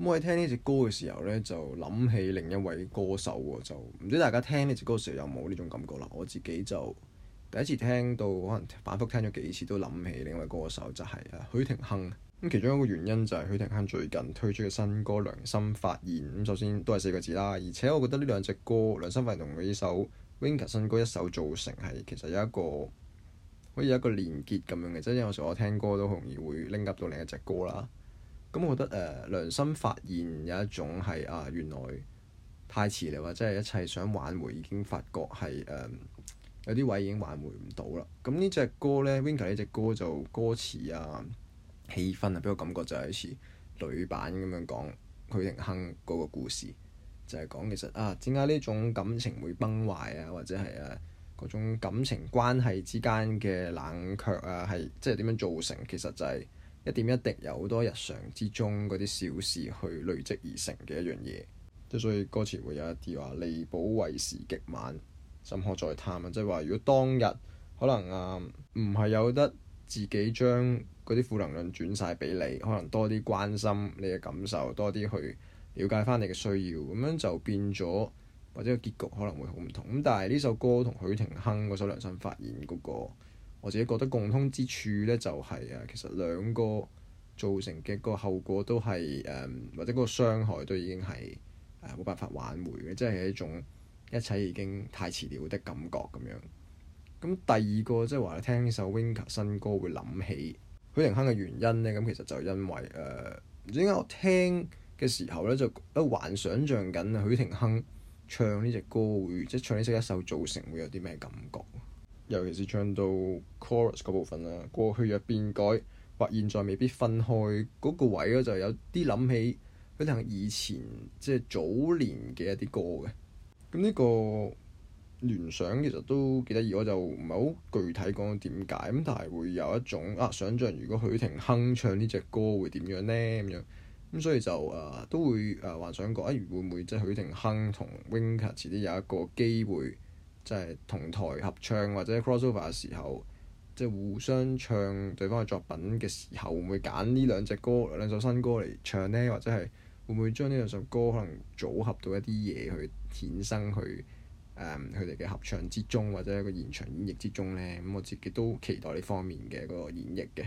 咁我喺聽呢隻歌嘅時候呢，就諗起另一位歌手喎、啊，就唔知大家聽呢隻歌時候有冇呢種感覺啦、啊。我自己就第一次聽到，可能反覆聽咗幾次都諗起另一位歌手，就係、是、啊許廷鏗。咁其中一個原因就係、是、許廷鏗最近推出嘅新歌《良心發現》。咁首先都係四個字啦，而且我覺得呢兩隻歌《良心發現》同佢呢首《Wink》新歌《一手造成》係其實有一個可以有一個連結咁樣嘅，即係有時我聽歌都好容易會拎及到另一隻歌啦。咁、嗯、我覺得誒、呃、良心發現有一種係啊，原來太遲，啦，或者係一切想挽回已經發覺係誒、呃、有啲位已經挽回唔到啦。咁呢隻歌咧 Winker 呢隻歌就歌詞啊、氣氛啊，俾我感覺就好似女版咁樣講許廷鏗嗰個故事，就係、是、講其實啊，點解呢種感情會崩壞啊，或者係啊嗰種感情關係之間嘅冷卻啊，係即係點樣造成？其實就係、是。一點一滴有好多日常之中嗰啲小事去累積而成嘅一樣嘢，即係所以歌詞會有一啲話彌補為時極晚，怎可再探啊！即係話如果當日可能啊唔係有得自己將嗰啲負能量轉晒俾你，可能多啲關心你嘅感受，多啲去了解翻你嘅需要，咁樣就變咗或者個結局可能會好唔同。咁但係呢首歌同許廷鏗嗰首《良心發現》嗰、那個。我自己覺得共通之處咧，就係、是、啊，其實兩個造成嘅個後果都係誒、呃，或者個傷害都已經係誒冇辦法挽回嘅，即係一種一切已經太遲了嘅感覺咁樣。咁第二個即係話你聽呢首《Wink》新歌會諗起許廷鏗嘅原因咧，咁其實就因為誒唔知點解我聽嘅時候咧，就一幻想像緊許廷鏗唱呢隻歌會，即、就、係、是、唱呢一首造成會有啲咩感覺？尤其是唱到 chorus 嗰部分啦，過去若變改或現在未必分開嗰、那個位咯，就有啲諗起許廷鏗以前即係早年嘅一啲歌嘅。咁呢個聯想其實都幾得意，我就唔係好具體講點解，咁但係會有一種啊，想像如果許廷鏗唱呢隻歌會點樣呢？咁樣咁所以就啊都會啊幻想過，啊，會唔會即係許廷鏗同 Winka 遲啲有一個機會？即係同台合唱或者 crossover 嘅時候，即係互相唱對方嘅作品嘅時候，會唔會揀呢兩隻歌兩首新歌嚟唱咧？或者係會唔會將呢兩首歌可能組合到一啲嘢去衍生去誒佢哋嘅合唱之中，或者一個現場演繹之中咧？咁、嗯、我自己都好期待呢方面嘅嗰、個演繹嘅。